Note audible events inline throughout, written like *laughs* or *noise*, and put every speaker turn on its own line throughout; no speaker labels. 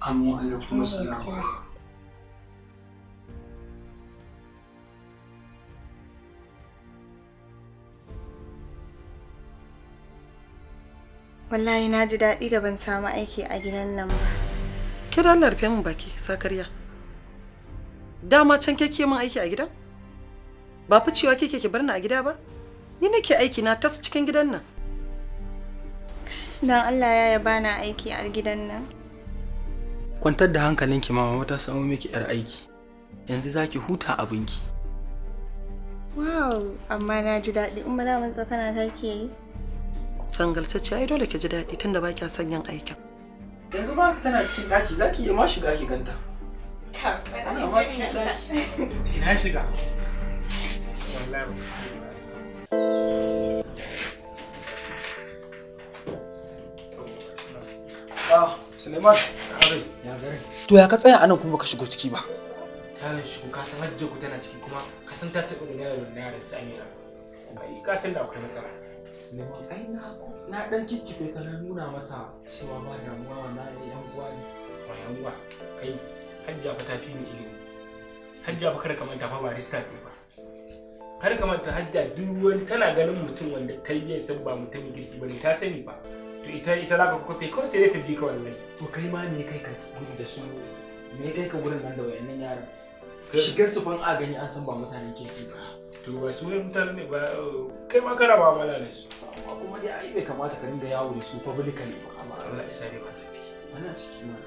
Amin wa alaikum assalam.
Wallahi na ji daɗi da ban samu aiki a gidan nan ba.
Kira da Allah rufe min baki sakarya. Dama can kike min aiki a gidan? Ba fi cewa kike ki bar ni a gida ba? Ni nake aiki na tas cikin
gidan
nan. Dan Allah ya yaba na aiki a gidan nan.
kwantar da hankalinki mama wata samu miki yar aiki yanzu zaki huta abinki
wow amma na ji daɗi umma na mun tsakana ta ke yi
sangaltacce ai dole ki ji daɗi tunda ba baki son yin aikin
yanzu ba
tana cikin ɗaki zaki iya ma shiga ki ganta
ta ana ma cikin sai
na shiga wallahi ah. Suleiman, To ya ka tsaya anan kuma baka shigo ciki ba? Ta shigo ka san hajjar ku tana ciki kuma ka san ta taɓa ganin yaron na yaron su Amira. Ai ka san da akwai matsala. Suleiman ai na na dan kikkife ta na nuna mata cewa ba damuwa na yan uwa ne. Ba yan uwa kai hajja fa ta fi ni ilimi. Hajja fa kada ka manta fa barista ce ba. Kada ka manta hajja duk wani tana ganin mutum wanda tarbiyyar sa ba mutumin ba bane ta sani ba. to ita ita za ka kwafe kawai sai dai ta ji ka wallahi to kai ma me kai ka gudu da su me kai ka gurin nan da wayannan yaran shigar su ban a gani an san ba mutanen kirki ba to ba su ne mutane ne ba oh, kai ma kana ba mala da su amma kuma dai ai bai kamata ka dinga yawo da su publican ba amma Allah ya sare ba ta ciki ana ciki ma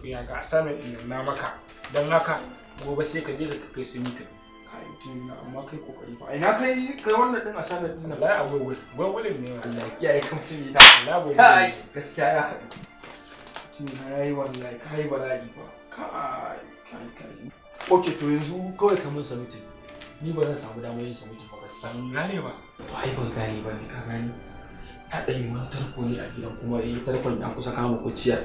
to ya ga assignment din na maka dan haka gobe sai ka je ka kai su meeting Argentina amma kai kokari fa. Ina kai kai wannan din din a waiwai. Waiwai ne wallahi. Kiyaye kan mutumi na Gaskiya ya haɗu. na kai bala'i fa. Kai kai kai. Ok to yanzu kawai kamar mun Ni ba zan samu damar yin sami ba gaskiya. gane ba. To ai ban gane ba ni ka gane. Na wani tarko ne a gidan kuma eh, tarkon ya kusa kama kuciya.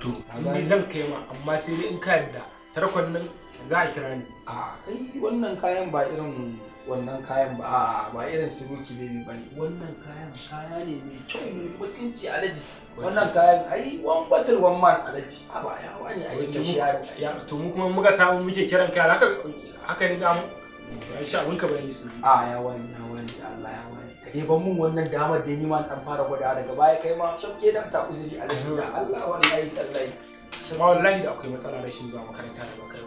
To ni zan kai ma amma sai dai in ka yarda tarkon nan za a kira ni a kai wannan kayan ba irin wannan kayan ba ba irin su buki baby ba ne wannan kayan kaya ne mai kyau mai mutunci alaji wannan kayan ai one batul one man alaji a ba ya wani a yake shi ya to mu kuma muka samu muke kiran kaya haka haka ne damu ya shi abin ka bane su a ya wani ya wani Allah ya wani ka dai ban mun wannan damar da ni ma dan fara gwada daga baya kai ma shafke da ta uzuri alaji Allah wallahi tallahi wallahi da akwai matsala rashin zuwa makaranta da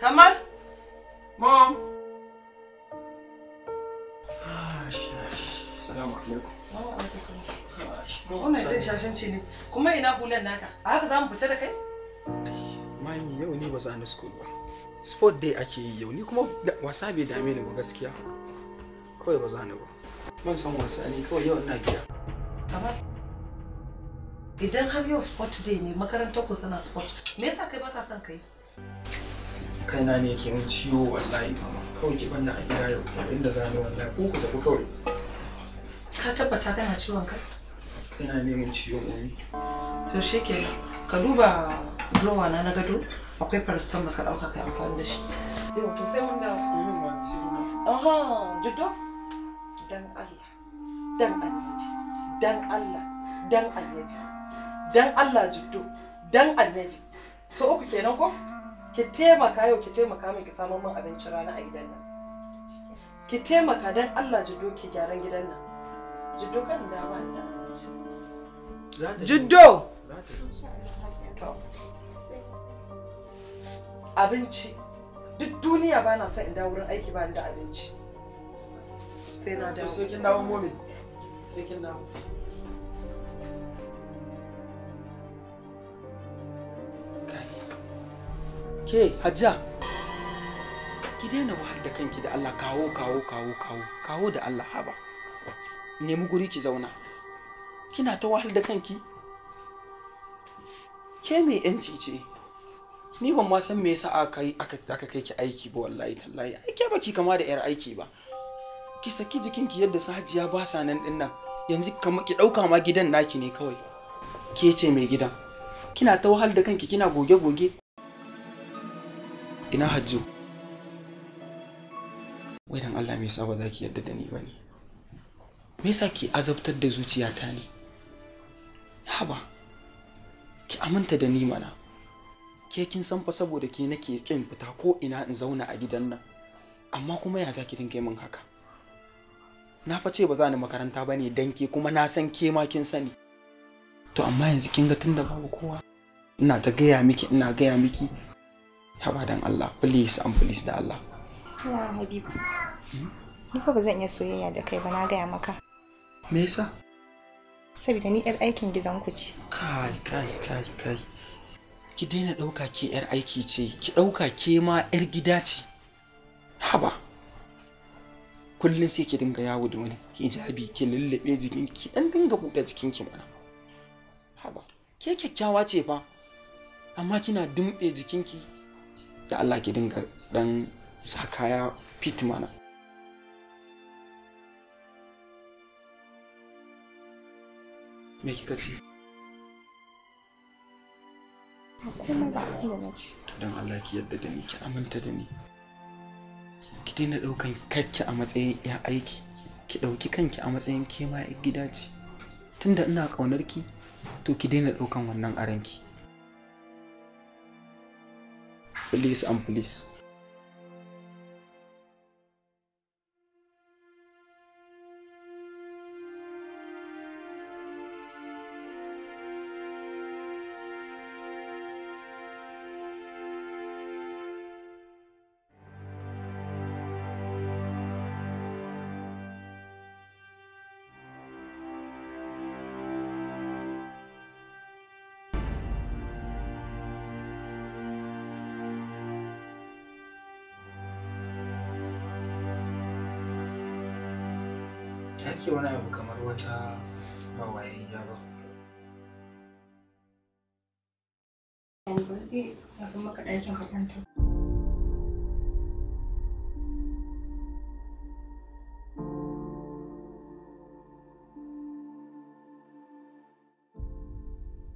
kamar. Mom. A haka za mu fita da kai?
ni ba Sport day ake yi yau ni kuma wasa bai dame ni ba gaskiya. Kawai ba za ni ba. wasa ne kawai yau ina gida.
idan har yau sport day ne makarantar ku suna sport me yasa kai baka son kai?
kaina ne ke min ciwo wallahi mama kawai ki banna a gida yau inda za ni wallahi ko ku tafi kawai
ka tabbata kana ciwon ka
kaina ne min ciwo mami
to ke ka duba drawer na na gado akwai paracetamol ka dauka kai amfani da shi yau to sai mun da aha jiddo dan Allah dan annabi dan Allah dan annabi dan Allah jiddo dan annabi so uku kenan ko ki taimaka yau ki taimaka min ki samu min abincin rana a gidan nan ki taimaka dan Allah ji doki gyaran gidan nan ji dokan da ba da abinci jiddo abinci duk duniya ba na son in dawo wurin aiki ba ni da abinci sai na dawo sai kin dawo momi
sai kin dawo Ke Hajiya. Ki daina wahal da kanki da Allah kawo kawo kawo kawo kawo da Allah haba. Nemi guri ki zauna. Kina ta wahal da kanki? Ke mai yanci ce. Ni ban ma san me yasa aka aka kai ki aiki ba wallahi tallahi. Ai ke baki kama da yar aiki ba. Ki saki jikinki yadda su Hajiya ba sa nan dinnan. Yanzu ki ɗauka ma gidan naki ne kawai. Ke ce mai gidan. kina ta wahal da kanki kina goge-goge ina hajjo wai dan Allah me yasa ba zaki yadda da ni ba me yasa ki azabtar da zuciyata ne haba ki aminta da ni mana ke kin san fa saboda ke nake kin fita ko ina in zauna a gidan nan amma kuma ya zaki dinga min haka na fa ce ba za ni makaranta ba ne dan ke kuma na san ke ma kin sani to amma yanzu kin ga tunda babu kowa ina ta gaya miki ina gaya miki taba dan Allah please and please da Allah
ya habibu ni fa ba zan iya soyayya da kai ba na gaya maka me yasa saboda ni yar aikin gidan ku ce
kai kai kai kai ki daina dauka ke yar aiki ce ki dauka ke ma yar gida ce haba kullum sai ki dinga yawo da wani hijabi ki lullube jikin ki dan dinga buɗe jikin ki mana haba ke kyakkyawa ce fa amma kina jikin jikinki da Allah ki dinga dan sa kaya fit mana me kika ce
ba kuma ba abin da na ce
to dan Allah ki yadda da ni ki aminta da ni ki daina daukan kakki a matsayin ya aiki ki dauki kanki a matsayin ke ma gida ce tunda ina kaunar ki to ki daina daukan wannan aranki police and police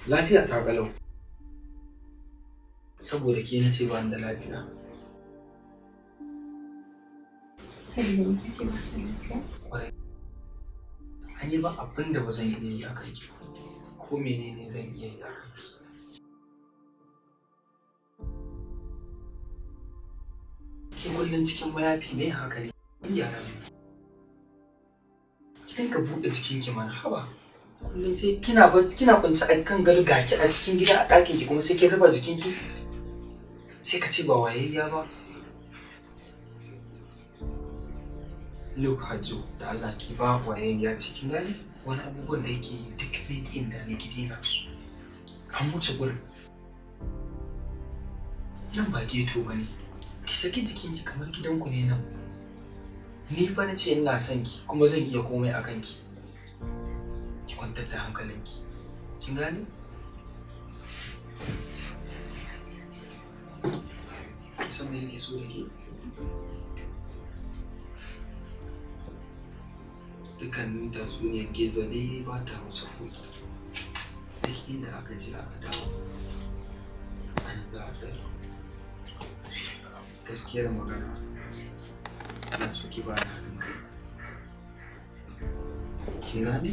Lafiya ta kalau. Saboda ke na ce ba da lafiya. Saboda ba An yi ba abin da ba zan iya yi a kanki. Ko menene zan iya yi a kanki. Ki kullum cikin mayafi ne haka ne. Yara ne. Ki dinga buɗe cikinki mana haba. kullum sai kina kina kwance a kan galgaci a cikin gida a ɗakin ki kuma sai kin raba jikin ki sai ka ce ba wayayya ba Luke Hajjo da Allah ki ba wayayya cikin gani wani abubuwan da yake yi duk ne inda ne ki dina su an wuce gurin nan ba geto ba ne ki saki jikinki kamar gidanku ne nan ni fa na ce ina son ki kuma zan iya komai a kanki kwantar da hankalinki kin gane san me yake so da ke dukkanin tatsuniyar geza dai ba ta wuce koki duk inda aka ji aka dawo an za a sani gaskiyar magana ina so ki ba na hankali kin gane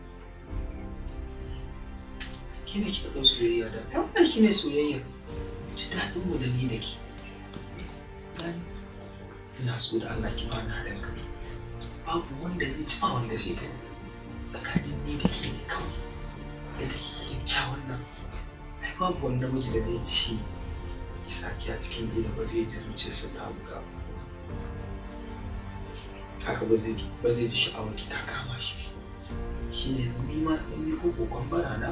Kina ne kika soyayya da ai wannan shi ne soyayya ci daɗin mu da ni da ke ina so da Allah ki bani haɗin kai babu wanda zai ci ba wanda sai kai tsakanin ni da ke ne kawai yadda kike kyakkyawan nan ai babu wani namiji da zai ci isa ki a cikin gida ba zai ji zuciyarsa ta buga haka ba zai ji sha'awar ki ta kama shi ne ni ma in yi ko kokon bara na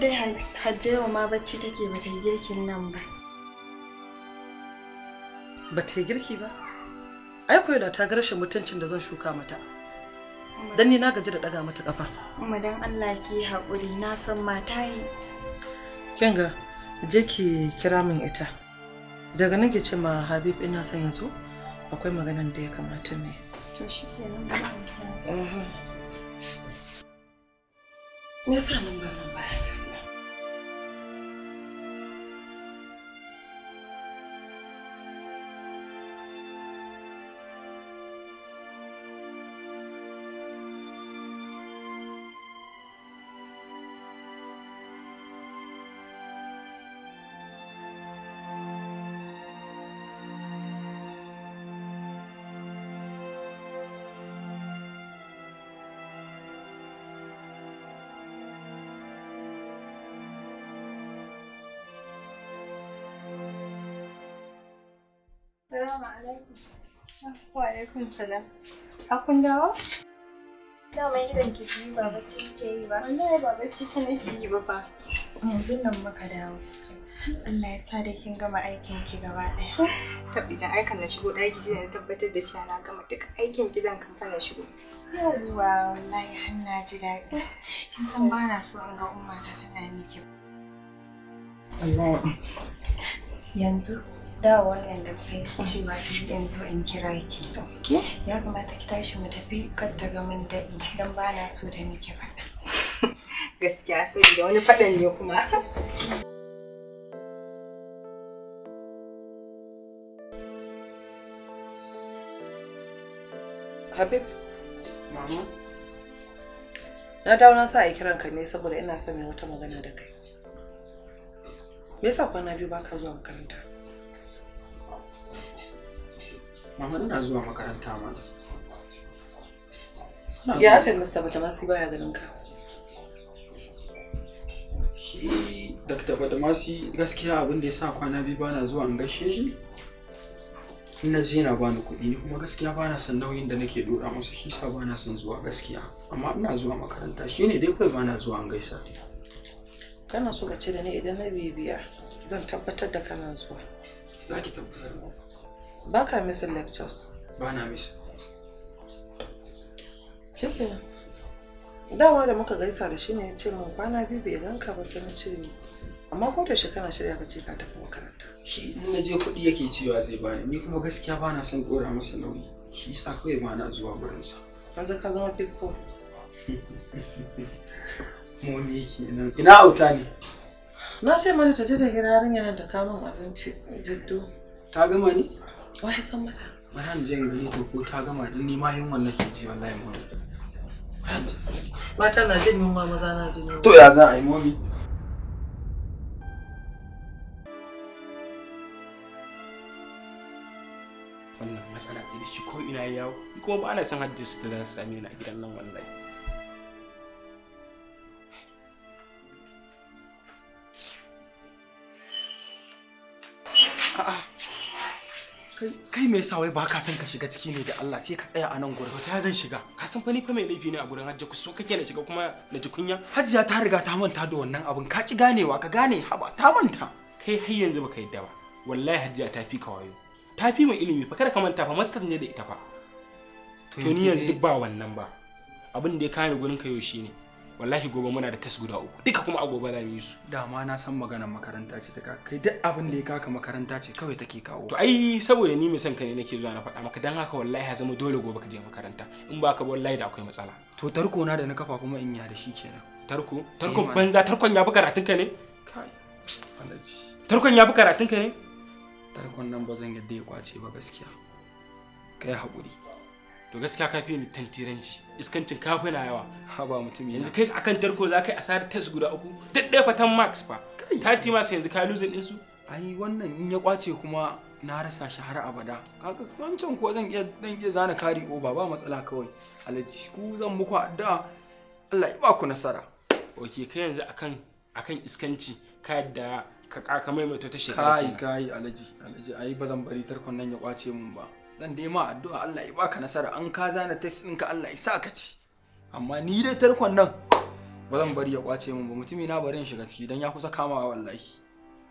dai hajjewa ma bacci take ba ta yi girkin nan ba.
Ba ta yi girki ba? Ai koyo da ta ga mutuncin da zan shuka
mata. Dan
ni na gaji da daga mata kafa.
Umma dan Allah ki haƙuri na san mata yi.
Kin ga je ki kira min ita. Daga nan ki ce ma Habib ina son yanzu akwai maganan da ya kamata me.
To shikenan
ba. Me yasa nan ba nan baya ta
alaikum salam. kun dawo? Dama idan ki ji ba bacci ke yi ba. Wallahi ba bacci ka nake yi ba fa. Yanzu nan muka dawo. Allah ya sa da kin gama aikin ki gaba ɗaya. Tabbijin aikin na shigo da sai na tabbatar da cewa na gama duk aikin gidan kan fa shigo. Yawwa wallahi har na ji daɗi. Kin san ba na so in ga umma ta tana miki. Wallahi yanzu da wannan da kai cewa yanzu in kira ki ya kamata ki tashi mu tafi kar ta ga mun daɗi don ba na so da nake faɗa *laughs* gaskiya saboda wani faɗan ne kuma *laughs*
Habib, mama, na dawo na sa a kiran ka ne saboda ina son mai wata magana da kai. Me yasa kwana biyu ba ka zuwa makaranta?
Mama ina zuwa makaranta
ma. Ya aka Mista Badamasi baya ganin ka.
Shi Dr. Badamasi gaskiya abin da ya sa kwana biyu bana zuwa in gashe shi. Ina je na bani kuɗi ni kuma gaskiya bana son nauyin da nake dora masa shi sa bana son zuwa gaskiya. Amma ina zuwa makaranta shi ne dai kawai bana zuwa in gaisa.
Kana so ka ce da ni idan na bibiya zan tabbatar da kana zuwa.
Za ki tabbatar.
ba ka misin lectures ba na miss shikenan dama da muka gaisa da shi ne ya ce min kwana biyu bai ganka ba sai na ce amma ko da kana shirya ka ce ka tafi makaranta
shi in na je kuɗi yake cewa zai bani ni kuma gaskiya ba na son ɗora masa nauyi shi sa kawai ba na zuwa gurinsa yanzu ka zama fikko *laughs* moni nan ina auta ne
na ce mata ta je ta kira yarinya da kamun abinci
jiddu ta gama ni
Wai san mata.
Bayan je gari to ko ta gama din ni ma yunwan nake ji wallahi mu.
Mata na jin yunwa maza na jin yunwa. To ya
za a yi momi? Wannan matsala ce da shi ko ina yawo kuma ba na san hajjis da za a gidan nan wallahi. kai me sawa wai ba ka san ka shiga ciki ne da Allah sai ka tsaya a nan gurin ta zan shiga ka san fa ni fa mai laifi ne a gurin hajji ku so kake na shiga kuma na ji kunya hajjiya ta riga ta manta da wannan abin ka ki ganewa ka gane haba ta manta kai har yanzu baka yadda ba wallahi hajjiya ta fi ka wayo ta fi mai ilimi fa kada ka manta fa master ne da ita fa
to ni yanzu duk
ba wannan ba abin da ya kare gurin ka yau shine wallahi gobe muna da test guda uku duka kuma a gobe za mu yi su dama na san maganar makaranta ce ta kai duk abin da ya kaka makaranta ce kawai take kawo to ai saboda ni mai san ka ne nake zuwa na faɗa maka dan haka wallahi ya zama dole gobe ka je makaranta in ba ka wallahi da akwai matsala to tarko na da na kafa kuma in ya da shi kenan tarko eh, tarkon banza tarkon ya fi karatun ka ne kai tarkon ya fi karatun ka ne tarkon nan ba zan yadda ya kwace ba gaskiya kai haƙuri to gaskiya ka fi ni tantiranci iskancin ka na yawa ha ba mutum yanzu kai akan tarko za ka yi asarar test guda uku daddai fatan max fa tati max yanzu ka lose din su ai wannan in ya kwace kuma na rasa shi har abada kaga wancan ko zan iya zan iya zana kari o ba matsala kawai alaji ku zan muku da, Allah ya ba ku nasara oke kai yanzu akan akan iskanci ka yadda ka kaka maimaita ta shekara kai kai alaji alaji ai ba zan bari tarkon nan ya kwace mun ba zan dai ma addu'a Allah ya baka nasara an ka zana text ɗinka Allah ya sa ka ci amma ni dai tarkon nan ba zan bari ya kwace min ba mutumi na bari in shiga ciki dan ya kusa kamawa wallahi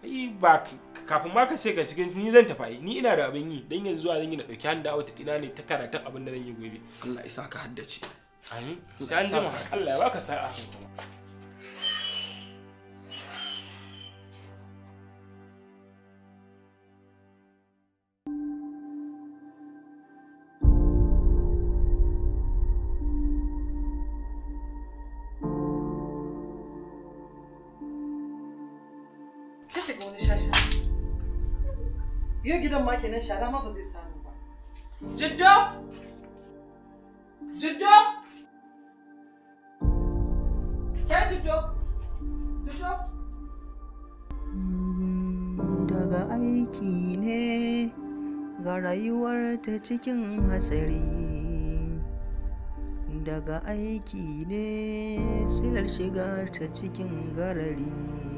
ai ba kafin ma ka ce ka shiga ni zan tafi ni ina da abin yi dan yanzu zuwa zan yi na dauki hand out ina ne ta karatun abin da zan yi gobe Allah ya sa ka haddace amin sai an jima Allah ya baka sa'a
gidan ma kenan shara ma ba zai samu ba. Jiddo! Jiddo! Ke Jiddo! Jiddo!
Daga aiki ne ga rayuwar ta cikin hatsari. Daga aiki ne silar shiga ta cikin garari.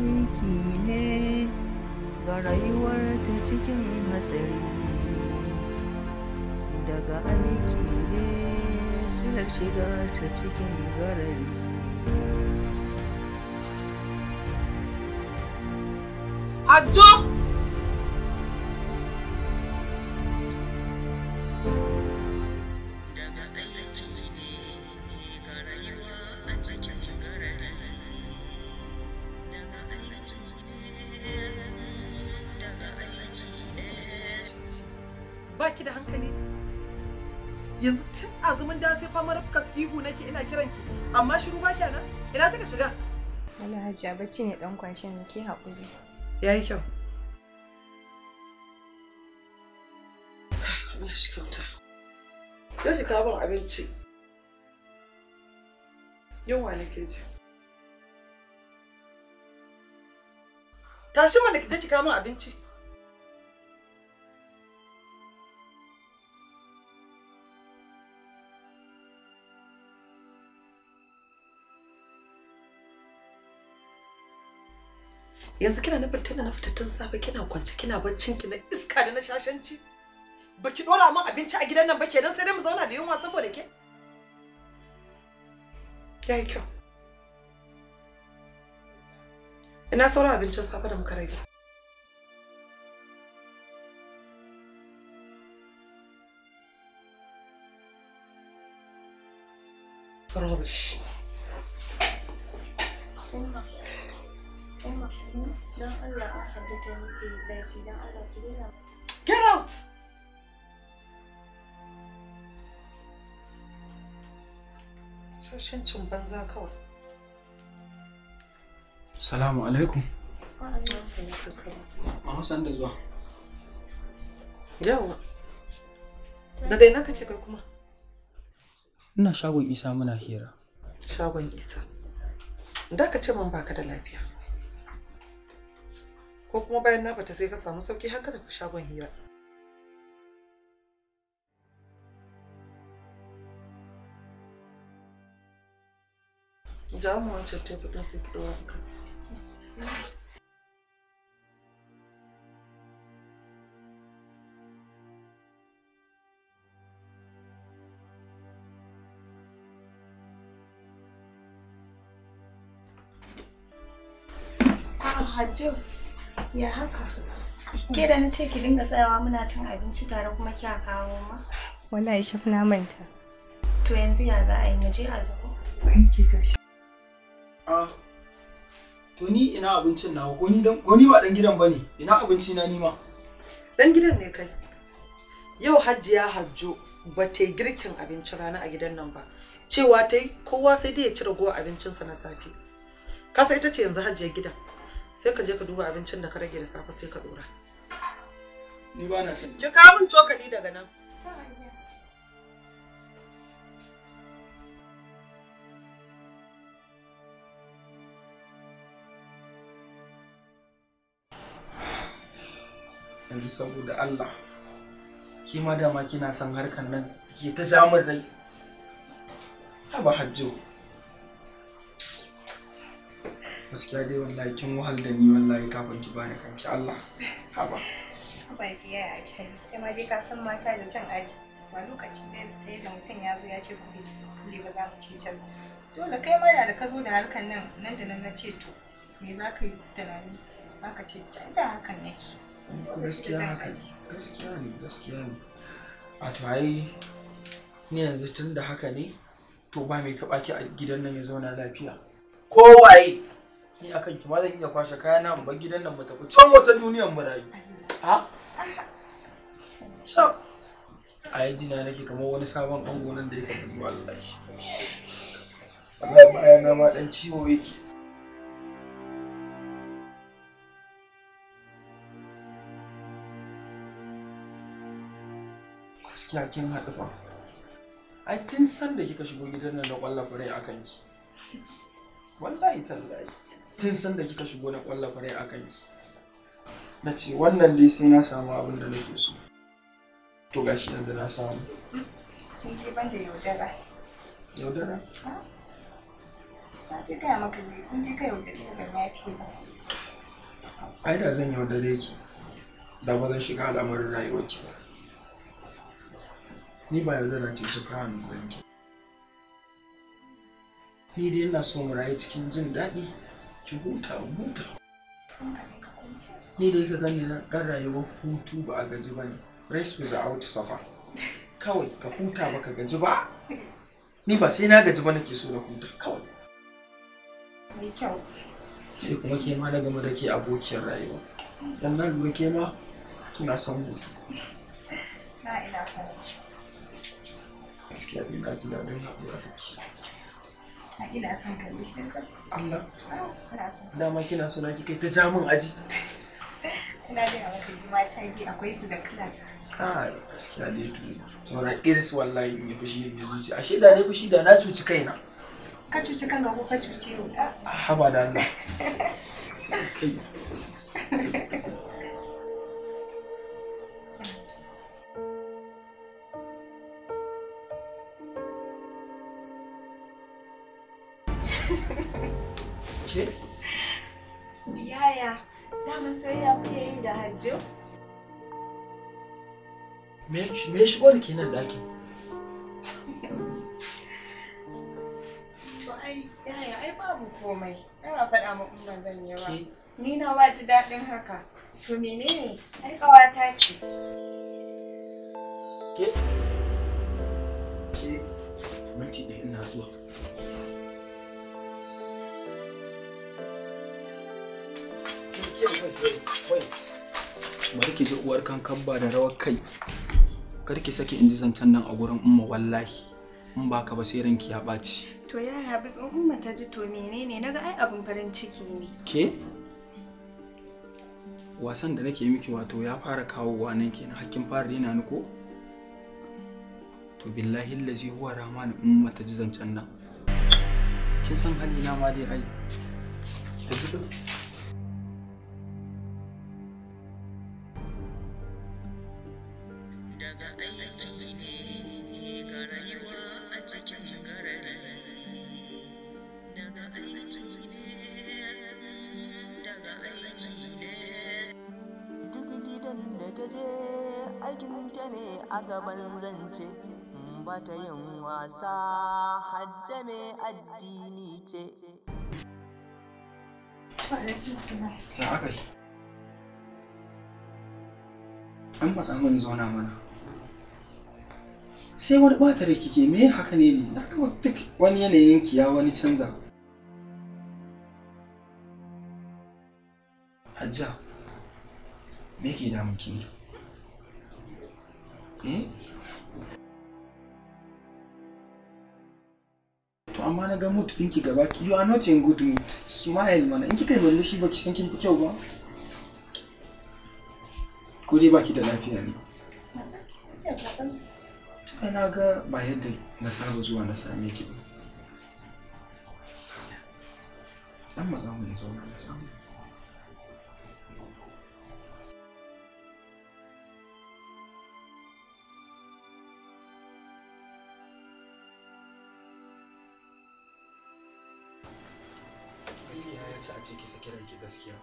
aiki ne ga rayuwar ta cikin hatsari daga aiki ne silar shiga ta cikin garari Ajo! zuciya bacci ne dan kwashe ne ke haƙuri
ya yi kyau Allah shi kyauta yau shi kawo abinci yunwa nake ji tashi mana ki je ki kawo abinci yanzu kina nufin tana na fita tun safe kina kwance kina baccin ki na iska da na shashanci baki dora min abinci a gidan nan ba kenan sai dai mu zauna da yunwa saboda ke yayi kyau ina sauran abincin safe da muka rage Rubbish. Don Get out! banza kawai.
Salamu alaikum. Mama san da zuwa.
Yawa. Daga ina kake kai kuma?
Ina shagon Isa muna hira. Shagon Isa. Da ka ce man baka da lafiya.
ko kuma bayan na fita sai ka samu sauki har ka tafi shagon hira mu wancan tafi ɗin sai ki ɗora ka.
you. Ya haka? Ke da na ce ki dinga tsayawa muna cin abinci tare kuma kya kawo ma? Wallahi shaf na manta. To yanzu ya za a yi muje a zubo? Ai ke shi. Ah.
To ni ina abincin nawa? Ko ni dan ko ni ba dan gidan bane. Ina abinci na nima. Dan gidan ne kai. Yau Hajiya Hajjo ba ta girkin abincin
rana a gidan nan ba. Cewa ta kowa sai dai ya ci ragowar abincinsa na safe. Kasa ita ce yanzu Hajiya gidan. sai ka je ka duba abincin da ka rage da safe sai ka dora ni ba na cin ki kawo min cokali daga nan
yanzu saboda Allah ki ma dama kina son harkar nan ke ta jamar rai haba hajjo gaskiya dai wallahi kin wahal da ni wallahi kafin ki bani kanki Allah haba
haba ki ya kai ma dai ka san mata da cin aji ba lokaci dai da mutum ya zo ya ce ku ci kulle ba za mu ci cas dole kai ma da ka zo da harkan nan nan da nan na ce to me za ka yi tunani haka ce can da hakan nake gaskiya haka gaskiya
ne gaskiya ne a to ai ni yanzu tun da haka ne to ba mai taɓa ki a gidan nan ya zauna lafiya kowaye ni akan ki ma zan iya kwashe kayana in bar gidan nan mu tafi can wata duniyar mu rayu ha can a yi jina nake kamar wani sabon ango nan da yake wallahi wallahi ba yana ma dan ciwo yake gaskiya kin haɗu ba ai kin san da kika shigo gidan nan da ƙwallafa rai akan ki wallahi tallahi tun san da kika shigo na ƙwalla kwarai a kanki na ce wannan dai sai na samu abin da nake so to gashi yanzu na samu
yaudara yaudara maka kun ka ba
ai da zan yaudare ki da ba zan shiga al'amarin ki ba ni ba yaudara ce ta kawo ni ni dai ina so mu rayu cikin jin daɗi ki huta huta ni da ka gani na dan rayuwar hutu ba a gaji ba ne rest without suffer kawai ka huta ba ka gaji ba ni ba sai na gaji ba nake so na huta kawai mai kyau sai kuma ke ma na gama da ke abokiyar rayuwa dan na lura ke ma kina son hutu
na ina son
gaskiya dai na ji daɗin haɗuwa da ke
Ina son ka ne shi
Allah. Dama kina so na kike ta ja min aji.
Ina ga maka mata bi akwai su da class. Kai
gaskiya dai to. Saboda iris wallahi in yi fushi ne zuci. Ashe da ne fushi da na cuci kaina.
Ka cuci kan kanka ko ka cuci ni? Haba da Allah. *laughs* Kai.
me shigo da ke nan ɗakin
to ai yaya ai babu komai ai ba faɗa ma umar zan yi ba ni na ba ji daɗin haka to menene ai ƙawata ce ke ke
minti ina zuwa wait wait wait ki ji uwar kankan ba da rawar kai karki saki in ji zancen nan a gurin umma wallahi in ba ka ba sai ranki ya ɓaci.
To ya habi umma ta ji to menene naga ai abin farin ciki ne.
Ke? Wasan da nake miki wato ya fara kawo wa nan kenan hakkin fara rena ni ko? To billahi lazi huwa rahmanu umma ta ji zancen nan. Kin san halina ma dai ai. Ta ji an ba min zauna mana sai wani bata da kike me haka ne ne na kawai duk wani yanayin ki ya wani canza hajja me ke damun ne eh? amma na ga mood ɗinki gaba ki you are not in good mood smile mana in kika yi murmushi ba ki san kin fi kyau ba ko dai baki da lafiya ne tuka na ga ba yadda na saba zuwa na same ki ba dan mazamu ne zauna na samu gaskiya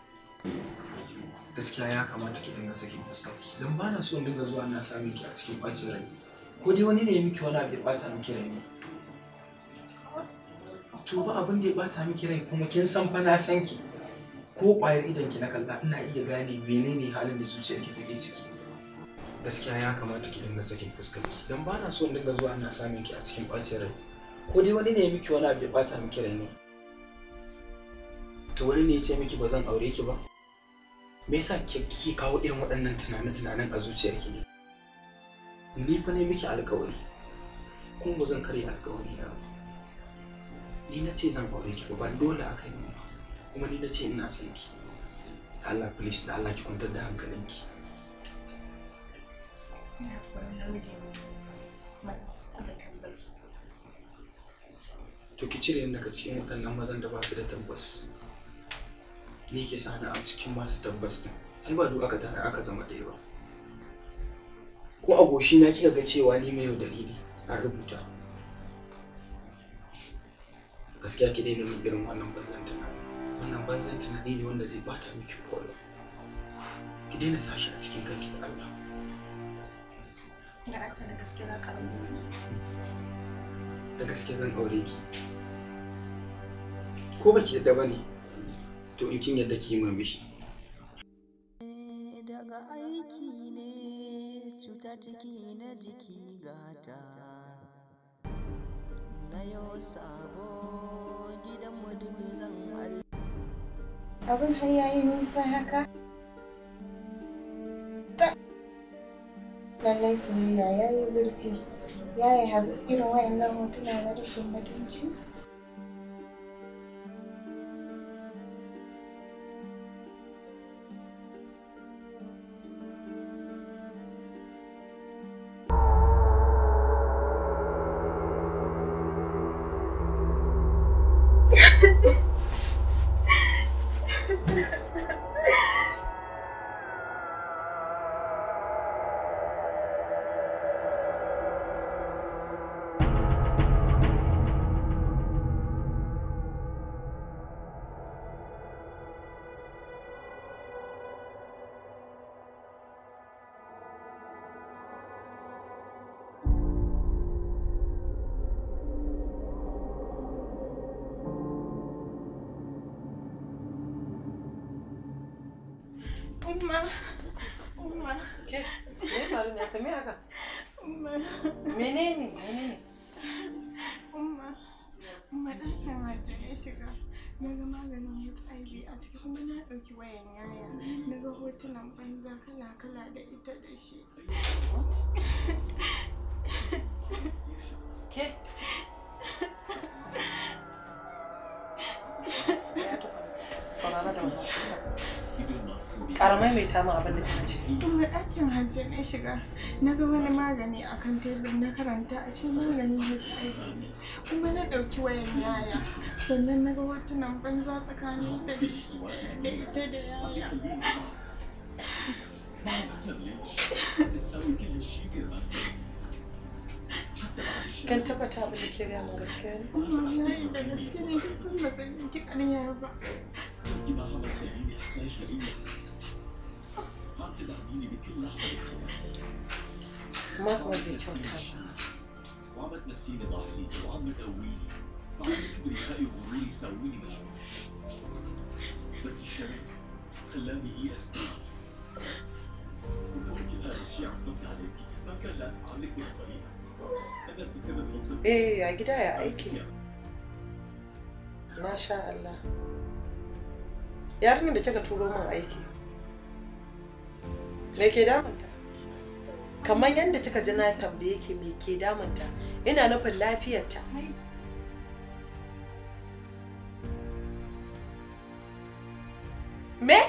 gaskiya ya kamata ki dinga sakin fuskar ki dan ba na so in dinga zuwa na sami ki a cikin bacin rai ko dai wani ne ya miki wani abu ya bata miki rai ne to ba abin da ya bata miki rai kuma kin san fa na san ki ko kwayar idan ki na kalla ina iya gane menene halin da zuciyar ki take ciki gaskiya ya kamata ki dinga sakin fuskar ki dan ba na so in dinga zuwa ina sami ki a cikin bacin rai ko dai wani ne ya miki wani abu ya bata miki rai ne to wani ne ya ce miki ba zan aure ki ba me yasa ki kawo irin waɗannan tunanin tunanin a zuciyarki ne ni fa ne miki alkawari kuma ba zan karya alkawari na ba ni na ce zan aure ki ba ba dole a kai ba kuma ni na ce ina son ki Allah please da Allah ki kwantar da hankalinki
ina tsoron namiji ne
to ki cire daga cikin waɗannan mazan da ba su da tabbas ni ke sana a cikin masu tabbas din ai ba duk aka tare aka zama ɗaya ba ko a goshi na kika ga cewa ni mai yaudari ne a rubuta gaskiya ki daina min irin wannan banzan tunani wannan banzan tunani ne wanda zai bata miki koyo ki daina sashi a cikin kanki da Allah
da Allah da gaske za ka aure
da gaske zan aure ki ko baki da ba ne to in cin yadda ki mai mishi daga aiki ne cuta
ciki na jiki gata na yau sabo gidan duk zan abin har yayi nisa haka lallai soyayya ya yi zurfi ya yi haɗu irin nan hotuna na rashin mutunci Umma. Umma. Ke,
me faru ne haka? Me haka?
Umma. Menene? Menene? Umma. Umma ɗakin hajji ya shiga. Na ga maganin HIV a ciki kuma na ɗauki wayan yaya. Na ga hotunan banza kala-kala da ita da shi. What? Ke?
ƙara mai tama abin da ta ce.
Daga ɗakin hajji na shiga na ga wani magani a kan tebur na karanta a shi maganin HIV ne kuma na ɗauki wayan yaya sannan na ga wata nan banza tsakanin da shi da ita da yaya.
Kan tabbata abin da ke gaya min gaskiya ne? Wallahi da gaske ne sun san ba zan yi ƙarya ba.
ما تربيت وتحب وعم تنسيني ضعفي وعم تقويني مع كبريائي وغروري سويني مجنون
بس الشريك خلاني هي استمع وفوق كل هذا الشيء عصبت عليك ما كان لازم اعملك بهالطريقه انا ارتكبت غلطه ايه يا جدايا ايكي ما شاء الله يا رمي da kika turo min aiki me ke damunta kamar yadda kika ji na tambaye ki me ke damunta ina nufin lafiyarta me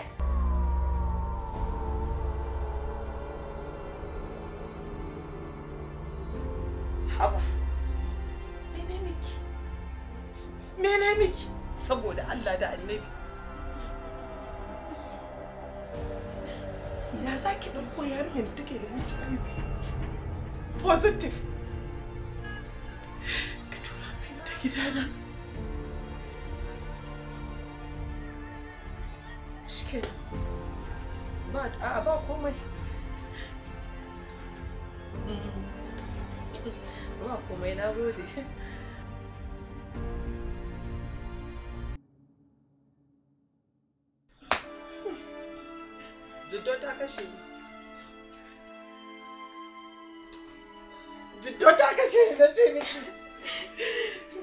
kashe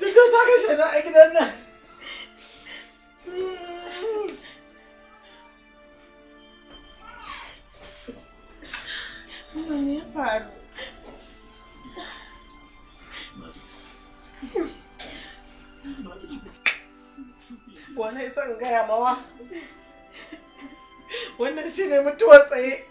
miki a gidan nan Mama me gaya mawa? Wannan shi ne mutuwar tsaye.